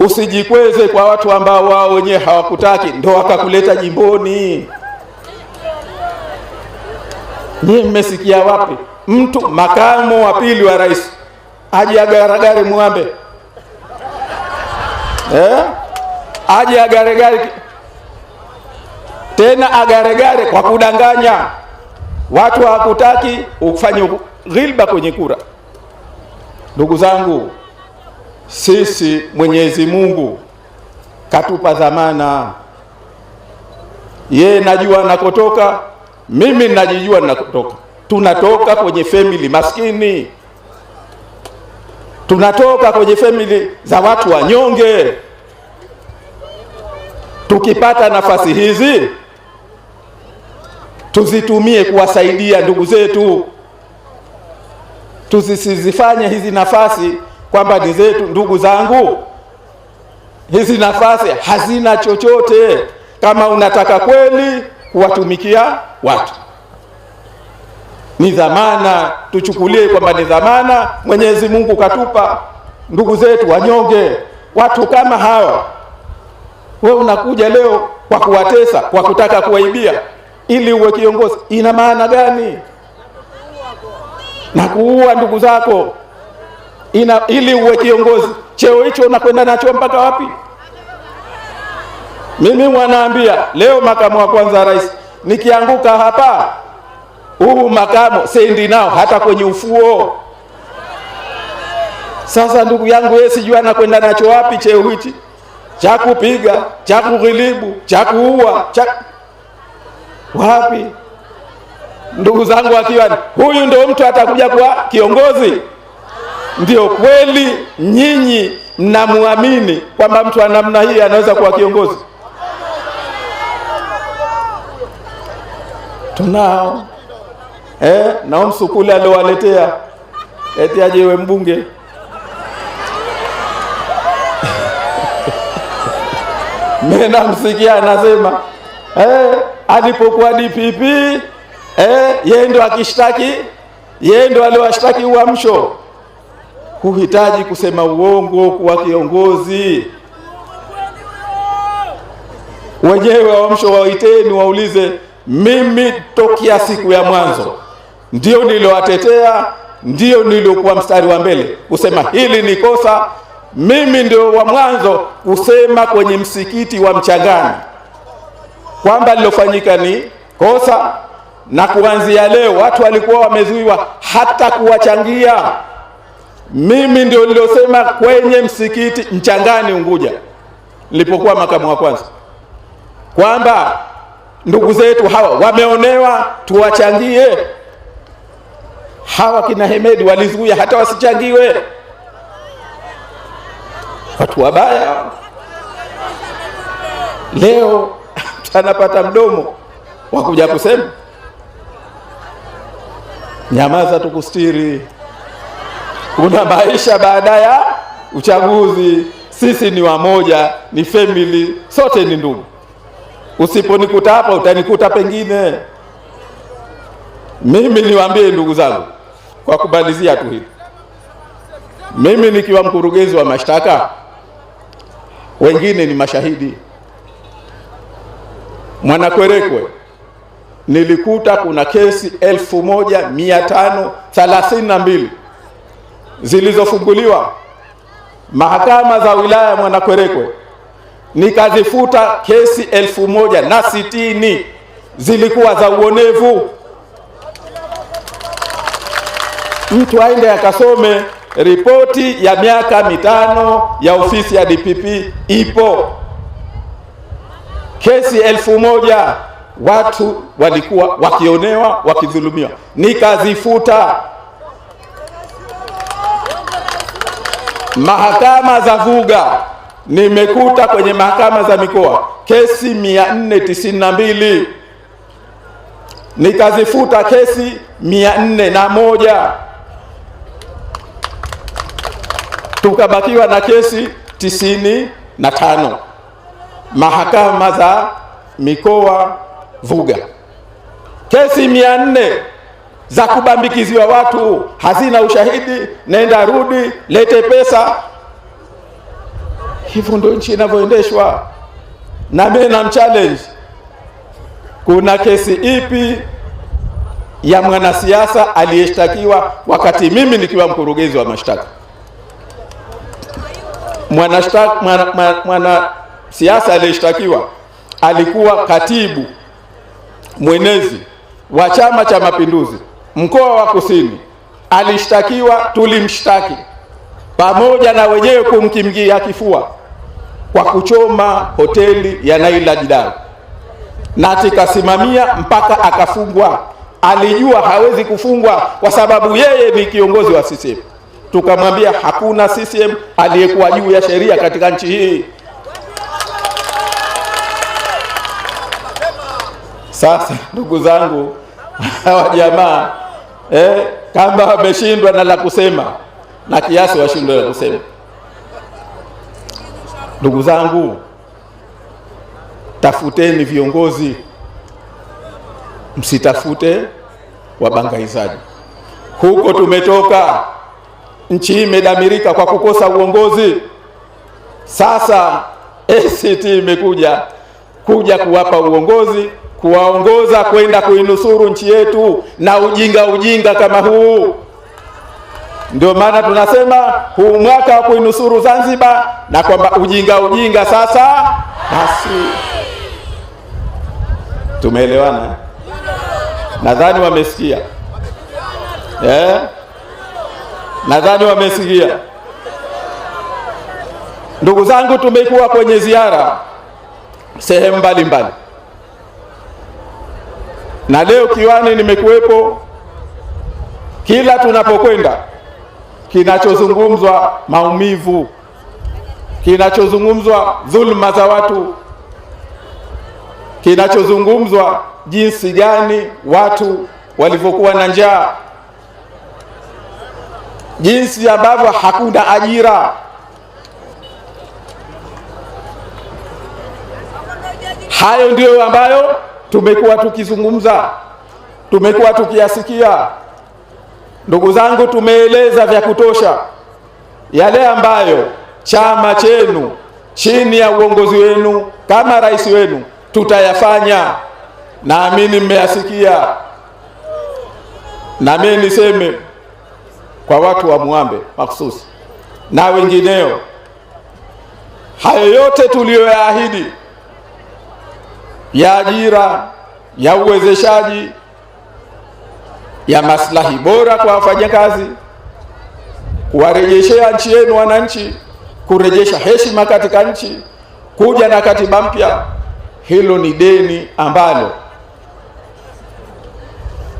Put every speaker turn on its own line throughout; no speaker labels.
Usijikweze kwa watu ambao wao wenyewe hawakutaki ndo wakakuleta jimboni. Nyie mmesikia wapi mtu makamu wa pili wa rais aje agaragare mwambe eh? aje agaregare tena agaregare kwa kudanganya watu, hawakutaki ufanye ghilba kwenye kura. Ndugu zangu sisi Mwenyezi Mungu katupa dhamana, yeye najua nakotoka, mimi najijua nakotoka. Tunatoka kwenye family maskini, tunatoka kwenye family za watu wanyonge. Tukipata nafasi hizi tuzitumie kuwasaidia ndugu zetu, tusizifanye hizi nafasi kwamba ni zetu. Ndugu zangu, hizi nafasi hazina chochote kama unataka kweli kuwatumikia watu ni dhamana, tuchukulie kwamba ni dhamana Mwenyezi Mungu katupa ndugu zetu wanyonge, watu kama hawa. We unakuja leo kwa kuwatesa, kwa kutaka kuwaibia ili uwe kiongozi, ina maana gani? Na kuua ndugu zako ina, ili uwe kiongozi, cheo hicho unakwenda nacho mpaka wapi? Mimi mwanaambia leo makamu wa kwanza rais, nikianguka hapa, huu makamu sendi nao hata kwenye ufuo. Sasa ndugu yangu, yeye sijui anakwenda nacho wapi? Cheo hichi cha kupiga, cha kughilibu, cha kuua, cha wapi? Ndugu zangu akiwa huyu ndio mtu atakuja kuwa kiongozi ndio kweli nyinyi mnamwamini kwamba mtu wa namna hii anaweza kuwa kiongozi? Tunao eh, nao msukule aliowaletea eti aje iwe mbunge namsikia anasema eh, alipokuwa DPP eh, yeye ndo akishtaki, yeye ndo aliwashtaki Uamsho huhitaji kusema uongo kuwa kiongozi. Wenyewe wamsho waiteni, waulize mimi tokia siku ya mwanzo ndio niliowatetea, ndio niliokuwa mstari wa mbele kusema hili ni kosa. Mimi ndio wa mwanzo kusema kwenye msikiti wa Mchangani kwamba lilofanyika ni kosa, na kuanzia leo watu walikuwa wamezuiwa hata kuwachangia mimi ndio niliosema kwenye msikiti Mchangani Unguja, nilipokuwa makamu wa kwanza, kwamba ndugu zetu hawa wameonewa, tuwachangie hawa. Kina Hemedi walizuia hata wasichangiwe, watu wabaya. Leo anapata mdomo wa kuja kusema nyamaza, tukustiri kuna maisha baada ya uchaguzi. Sisi ni wamoja, ni family, sote ni ndugu. Usiponikuta hapa utanikuta pengine. Mimi niwaambie ndugu zangu, kwa kumalizia tu hili, mimi nikiwa mkurugenzi wa mashtaka, wengine ni mashahidi. Mwanakwerekwe, nilikuta kuna kesi elfu moja mia tano thelathini na mbili zilizofunguliwa mahakama za wilaya Mwanakwerekwe, nikazifuta kesi elfu moja na sitini zilikuwa za uonevu. Mtu aende akasome ripoti ya miaka mitano ya ofisi ya DPP, ipo kesi elfu moja watu walikuwa wakionewa, wakidhulumiwa, nikazifuta. mahakama za vuga nimekuta kwenye mahakama za mikoa kesi 492 nikazifuta kesi 401 tukabakiwa na kesi 95 mahakama za mikoa vuga kesi za kubambikiziwa watu, hazina ushahidi, nenda rudi, lete pesa. Hivyo ndio nchi inavyoendeshwa. Na mimi na mchallenge, kuna kesi ipi ya mwanasiasa aliyeshtakiwa wakati mimi nikiwa mkurugenzi wa mashtaka? Mwanasiasa mwana, mwana aliyeshtakiwa alikuwa katibu mwenezi wa Chama cha Mapinduzi mkoa wa Kusini alishtakiwa, tulimshtaki pamoja na wenyewe kumkimgia kifua kwa kuchoma hoteli ya Naila Jidal, na tikasimamia mpaka akafungwa. Alijua hawezi kufungwa kwa sababu yeye ni kiongozi wa CCM. Tukamwambia hakuna CCM aliyekuwa juu ya sheria katika nchi hii. Sasa ndugu zangu, hawa jamaa eh, kama wameshindwa na la kusema na kiasi washindwe la kusema. Ndugu zangu, tafuteni viongozi, msitafute wabangaizaji. Huko tumetoka, nchi imedamirika kwa kukosa uongozi. Sasa ACT imekuja kuja kuwapa uongozi kuwaongoza kwenda kuinusuru nchi yetu na ujinga ujinga kama huu. Ndio maana tunasema huu mwaka wa kuinusuru Zanzibar, na kwamba ujinga ujinga sasa basi. Tumeelewana, eh? nadhani wamesikia eh? Nadhani wamesikia. Ndugu zangu, tumekuwa kwenye ziara sehemu mbalimbali na leo Kiwani nimekuwepo. Kila tunapokwenda kinachozungumzwa maumivu, kinachozungumzwa dhulma za watu, kinachozungumzwa jinsi gani watu walivyokuwa na njaa, jinsi ambavyo hakuna ajira, hayo ndiyo ambayo tumekuwa tukizungumza, tumekuwa tukiyasikia. Ndugu zangu, tumeeleza vya kutosha yale ambayo chama chenu chini ya uongozi wenu kama rais wenu tutayafanya. Naamini mmeyasikia, na mimi niseme kwa watu wa Mwambe makhususi na wengineo, hayo yote tuliyoyaahidi ya ajira, ya uwezeshaji, ya maslahi bora kwa wafanyakazi, kuwarejeshea nchi yenu wananchi, kurejesha heshima katika nchi, kuja na katiba mpya. Hilo ni deni ambalo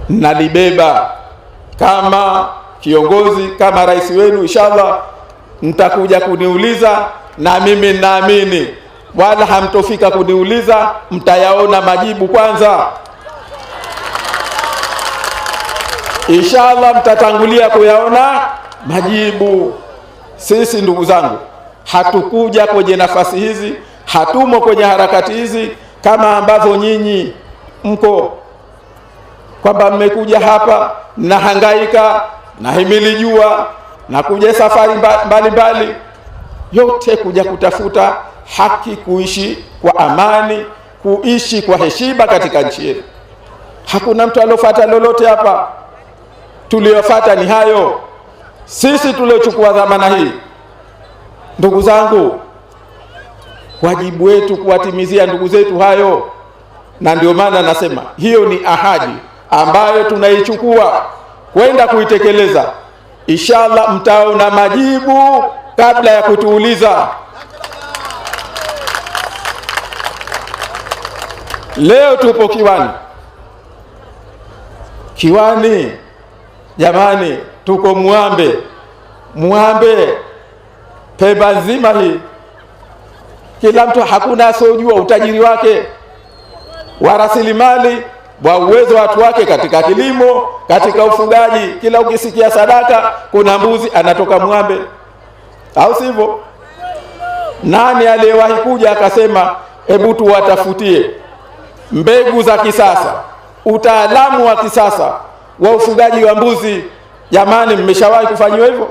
nalibeba kama kiongozi, kama rais wenu. Inshallah mtakuja kuniuliza, na mimi naamini wala hamtofika kuniuliza, mtayaona majibu kwanza. Inshallah mtatangulia kuyaona majibu. Sisi ndugu zangu, hatukuja kwenye nafasi hizi, hatumo kwenye harakati hizi kama ambavyo nyinyi mko kwamba mmekuja hapa na hangaika na himili jua na kuja safari mbalimbali mbali, yote kuja kutafuta haki kuishi kwa amani, kuishi kwa heshima katika nchi yetu. Hakuna mtu aliofuata lolote hapa, tuliyofuata ni hayo sisi tuliochukua dhamana hii. Ndugu zangu, wajibu wetu kuwatimizia ndugu zetu hayo, na ndio maana nasema hiyo ni ahadi ambayo tunaichukua kwenda kuitekeleza. Inshallah mtaona majibu kabla ya kutuuliza. Leo tupo Kiwani. Kiwani jamani, tuko Mwambe. Mwambe Pemba nzima hii, kila mtu hakuna asiojua utajiri wake wa rasilimali wa uwezo wa watu wake katika kilimo, katika ufugaji. Kila ukisikia sadaka kuna mbuzi anatoka Mwambe, au sivyo? Nani aliyewahi kuja akasema hebu tuwatafutie mbegu za kisasa, utaalamu wa kisasa wa ufugaji wa mbuzi. Jamani, mmeshawahi kufanyiwa hivyo?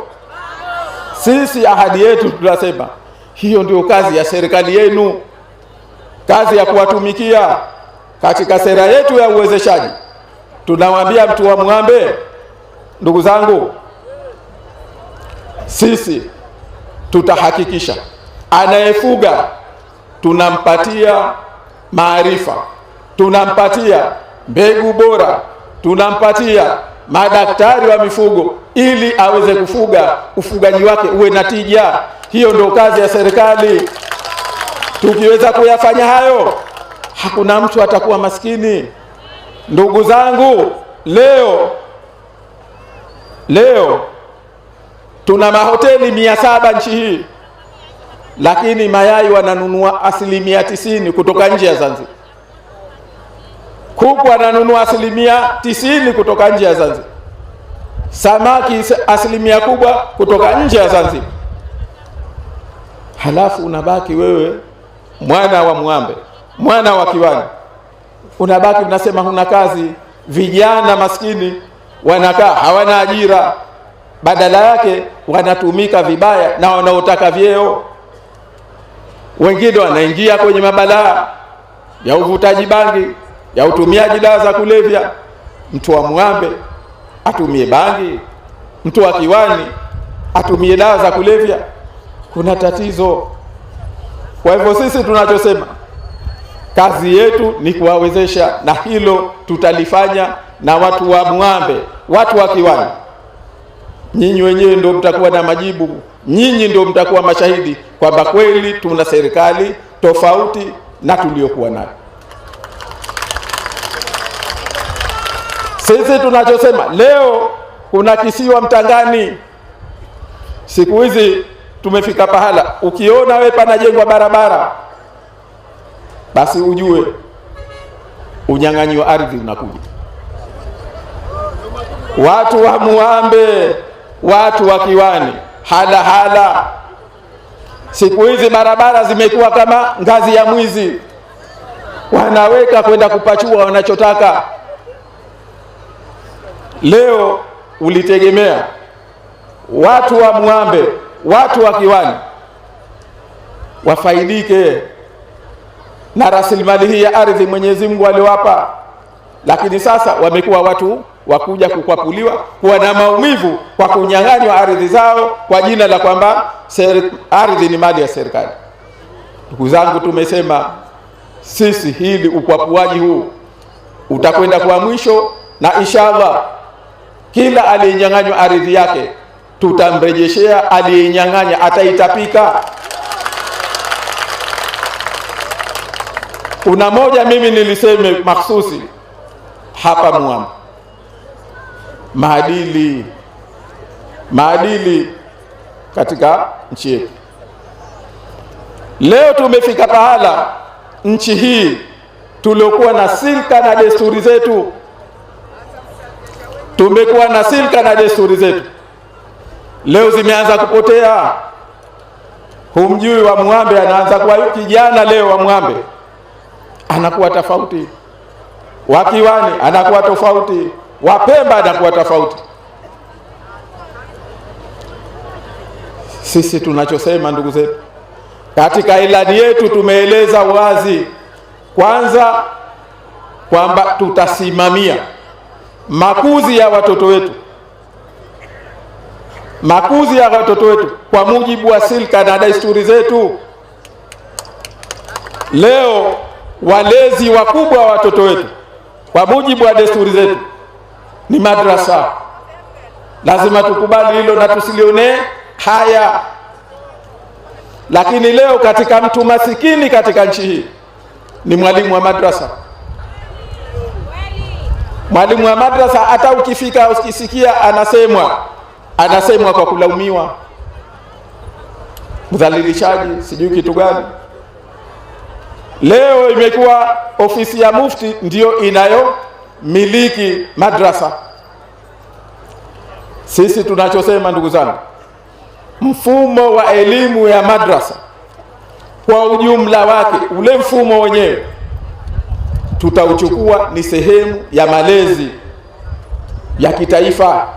Sisi ahadi yetu tunasema hiyo ndio kazi ya serikali yenu, kazi ya kuwatumikia. Katika sera yetu ya uwezeshaji tunawambia mtu wa Mwambe, ndugu zangu, sisi tutahakikisha anayefuga tunampatia maarifa tunampatia mbegu bora, tunampatia madaktari wa mifugo ili aweze kufuga, ufugaji wake uwe na tija. Hiyo ndio kazi ya serikali. Tukiweza kuyafanya hayo, hakuna mtu atakuwa maskini. Ndugu zangu, leo leo tuna mahoteli mia saba nchi hii, lakini mayai wananunua asilimia tisini kutoka nje ya Zanzibar kuku ananunua asilimia tisini kutoka nje ya Zanzibar, samaki asilimia kubwa kutoka nje ya Zanzibar, halafu unabaki wewe mwana wa mwambe, mwana wa kiwani, unabaki unasema huna kazi. Vijana maskini wanakaa hawana ajira, badala yake wanatumika vibaya na wanaotaka vyeo. Wengine wanaingia kwenye mabalaa ya uvutaji bangi ya utumiaji dawa za kulevya, mtu wa mwambe atumie bangi, mtu wa kiwani atumie dawa za kulevya, kuna tatizo. Kwa hivyo sisi tunachosema kazi yetu ni kuwawezesha, na hilo tutalifanya na watu wa Mwambe, watu wa Kiwani. Nyinyi wenyewe ndio mtakuwa na majibu, nyinyi ndio mtakuwa mashahidi kwamba kweli tuna serikali tofauti na tuliyokuwa nayo. Sisi tunachosema leo, kuna kisiwa Mtangani. Siku hizi tumefika pahala, ukiona we panajengwa barabara, basi ujue unyang'anyi wa ardhi unakuja. Watu wa Muambe, watu wa Kiwani, hala hala, siku hizi barabara zimekuwa kama ngazi ya mwizi, wanaweka kwenda kupachua wanachotaka. Leo ulitegemea watu wa Mwambe, watu wa Kiwani wafaidike na rasilimali hii ya ardhi Mwenyezi Mungu aliwapa, lakini sasa wamekuwa watu wakuja kukwapuliwa, kuwa na maumivu kwa kunyang'anywa ardhi zao kwa jina la kwamba ardhi ni mali ya serikali. Ndugu zangu, tumesema sisi hili ukwapuaji huu utakwenda kwa mwisho na inshallah kila aliyenyang'anywa ardhi yake tutamrejeshea, aliyenyang'anya ataitapika. Kuna moja mimi niliseme makhususi hapa Mwamba, maadili, maadili katika nchi yetu. Leo tumefika pahala nchi hii tuliokuwa na silka na desturi zetu Tumekuwa na silka na desturi zetu, leo zimeanza kupotea. Humjui wa Mwambe anaanza kuwa kijana leo, wa Mwambe anakuwa tofauti, wa Kiwani anakuwa tofauti, wa Pemba anakuwa tofauti. Sisi tunachosema ndugu zetu, katika ilani yetu tumeeleza wazi kwanza kwamba tutasimamia makuzi ya watoto wetu, makuzi ya watoto wetu kwa mujibu wa silka na desturi zetu. Leo walezi wakubwa wa watoto wetu kwa mujibu wa desturi zetu ni madrasa. Lazima tukubali hilo na tusilionee haya. Lakini leo katika mtu masikini katika nchi hii ni mwalimu wa madrasa. Mwalimu wa madrasa hata ukifika ukisikia anasemwa, anasemwa kwa kulaumiwa, mdhalilishaji, sijui kitu gani. Leo imekuwa ofisi ya mufti ndiyo inayomiliki madrasa. Sisi tunachosema ndugu zangu, mfumo wa elimu ya madrasa kwa ujumla wake, ule mfumo wenyewe tutauchukua ni sehemu ya malezi ya kitaifa.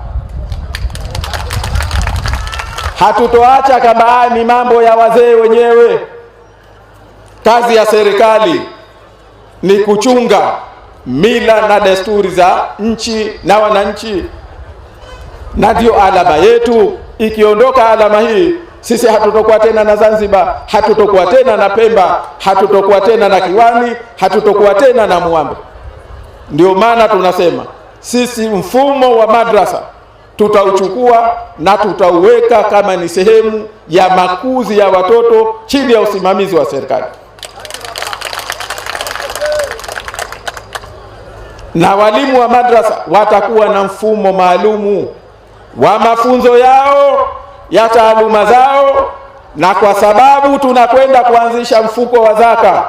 Hatutoacha kama ni mambo ya wazee wenyewe. Kazi ya serikali ni kuchunga mila na desturi za nchi na wananchi, na ndio alama yetu. Ikiondoka alama hii sisi hatutokuwa tena na Zanzibar, hatutokuwa tena na Pemba, hatutokuwa tena na Kiwani, hatutokuwa tena na mwambe Ndio maana tunasema sisi mfumo wa madrasa tutauchukua na tutauweka kama ni sehemu ya makuzi ya watoto chini ya usimamizi wa serikali. Na walimu wa madrasa watakuwa na mfumo maalumu wa mafunzo yao ya taaluma zao, na kwa sababu tunakwenda kuanzisha mfuko wa zaka,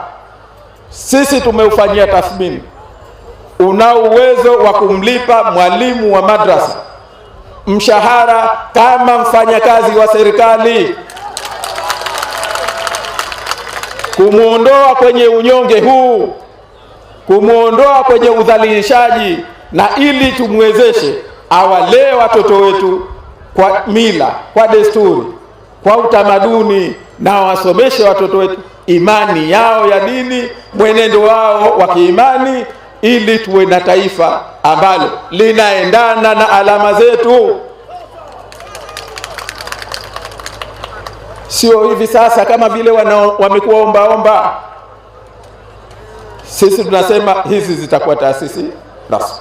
sisi tumeufanyia tathmini, una uwezo wa kumlipa mwalimu wa madrasa mshahara kama mfanyakazi wa serikali, kumwondoa kwenye unyonge huu, kumwondoa kwenye udhalilishaji, na ili tumwezeshe awalee watoto wetu kwa mila, kwa desturi, kwa utamaduni, na wasomeshe watoto wetu imani yao ya dini, mwenendo wao wa kiimani, ili tuwe na taifa ambalo linaendana na alama zetu. Sio hivi sasa kama vile wamekuwa ombaomba. Sisi tunasema hizi zitakuwa taasisi rasmi,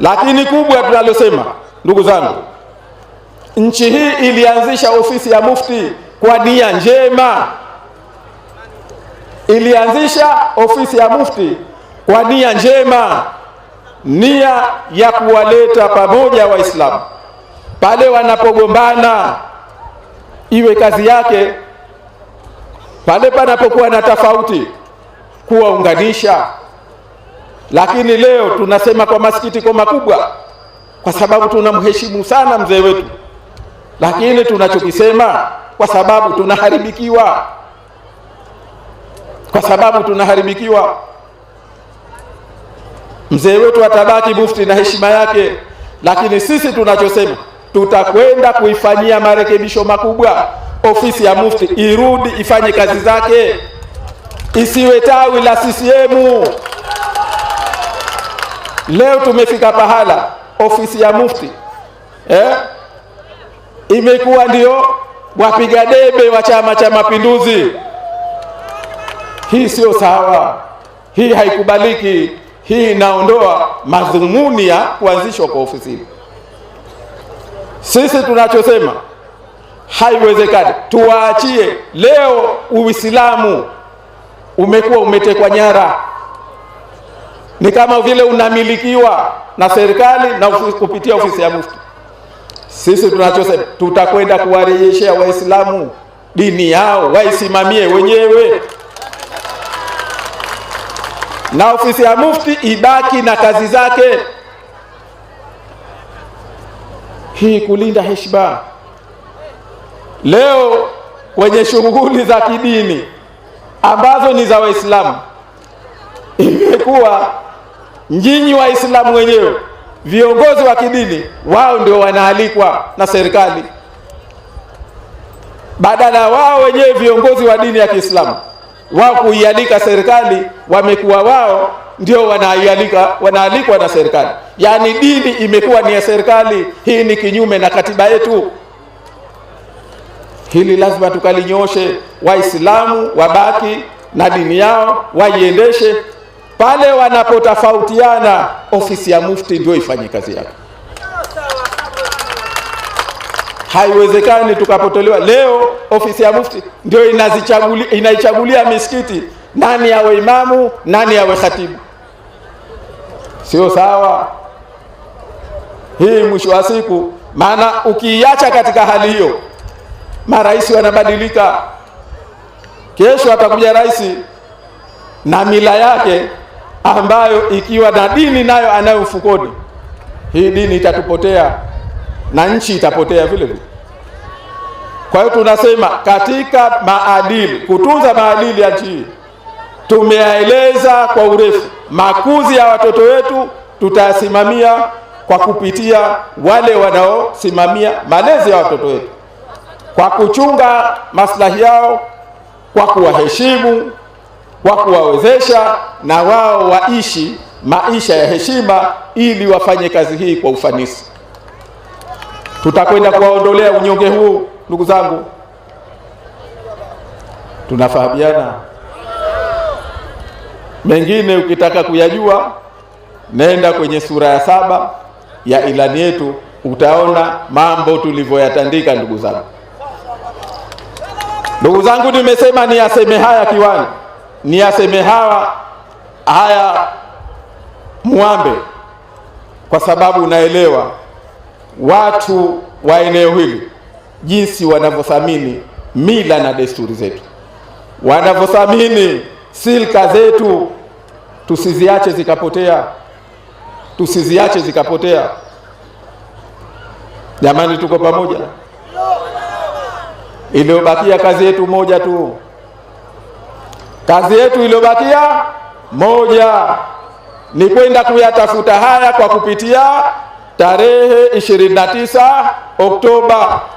lakini kubwa tunalosema, ndugu zangu Nchi hii ilianzisha ofisi ya mufti kwa nia njema, ilianzisha ofisi ya mufti kwa nia njema, nia ya kuwaleta pamoja Waislamu pale wanapogombana, iwe kazi yake pale panapokuwa na tofauti kuwaunganisha. Lakini leo tunasema kwa masikitiko makubwa, kwa sababu tunamheshimu sana mzee wetu lakini tunachokisema kwa sababu tunaharibikiwa, kwa sababu tunaharibikiwa. Mzee wetu atabaki mufti na heshima yake, lakini sisi tunachosema tutakwenda kuifanyia marekebisho makubwa. Ofisi ya mufti irudi ifanye kazi zake, isiwe tawi la CCM. Leo tumefika pahala ofisi ya mufti eh? imekuwa ndio wapiga debe wa Chama cha Mapinduzi. Hii siyo sawa, hii haikubaliki. Hii inaondoa madhumuni ya kuanzishwa kwa ofisi hii. Sisi tunachosema haiwezekani, tuwaachie. Leo Uislamu umekuwa umetekwa nyara, ni kama vile unamilikiwa na serikali na kupitia ofisi ya mufti. Sisi tunachosema tutakwenda kuwarejeshea Waislamu dini yao waisimamie wenyewe, na ofisi ya mufti ibaki na kazi zake, hii kulinda heshima. Leo kwenye shughuli za kidini ambazo ni za Waislamu imekuwa nyinyi Waislamu wenyewe viongozi wa kidini wao ndio wanaalikwa na serikali, badala wao wenyewe viongozi wa dini ya Kiislamu wao kuialika serikali, wamekuwa wao ndio wanaialika, wanaalikwa na serikali. Yaani dini imekuwa ni ya serikali. Hii ni kinyume na katiba yetu. Hili lazima tukalinyoshe. Waislamu wabaki na dini yao, waiendeshe pale wanapotofautiana, ofisi ya mufti ndio ifanye kazi yake. Haiwezekani tukapotolewa leo ofisi ya mufti ndio inaichagulia misikiti nani awe imamu, nani awe khatibu. Sio sawa hii, mwisho wa siku. Maana ukiiacha katika hali hiyo, marais wanabadilika. Kesho atakuja rais na mila yake ambayo ikiwa na dini nayo anayo mfukoni, hii dini itatupotea na nchi itapotea vile vile. Kwa hiyo tunasema katika maadili, kutunza maadili ya nchi hii tumeyaeleza kwa urefu. Makuzi ya watoto wetu tutayasimamia kwa kupitia wale wanaosimamia malezi ya watoto wetu, kwa kuchunga maslahi yao, kwa kuwaheshimu wa kuwawezesha na wao waishi maisha ya heshima ili wafanye kazi hii kwa ufanisi. Tutakwenda kuwaondolea unyonge huu, ndugu zangu, tunafahamiana. Mengine ukitaka kuyajua, nenda kwenye sura ya saba ya ilani yetu, utaona mambo tulivyoyatandika. Ndugu zangu, ndugu zangu, nimesema ni aseme haya kiwani ni aseme hawa haya muambe, kwa sababu unaelewa watu wa eneo hili jinsi wanavyothamini mila na desturi zetu, wanavyothamini silka zetu. Tusiziache zikapotea, tusiziache zikapotea. Jamani, tuko pamoja. Iliyobakia kazi yetu moja tu Kazi yetu iliyobakia moja ni kwenda kuyatafuta haya kwa kupitia tarehe 29 Oktoba